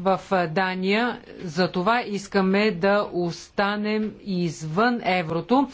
в Дания. За това искаме да останем извън еврото.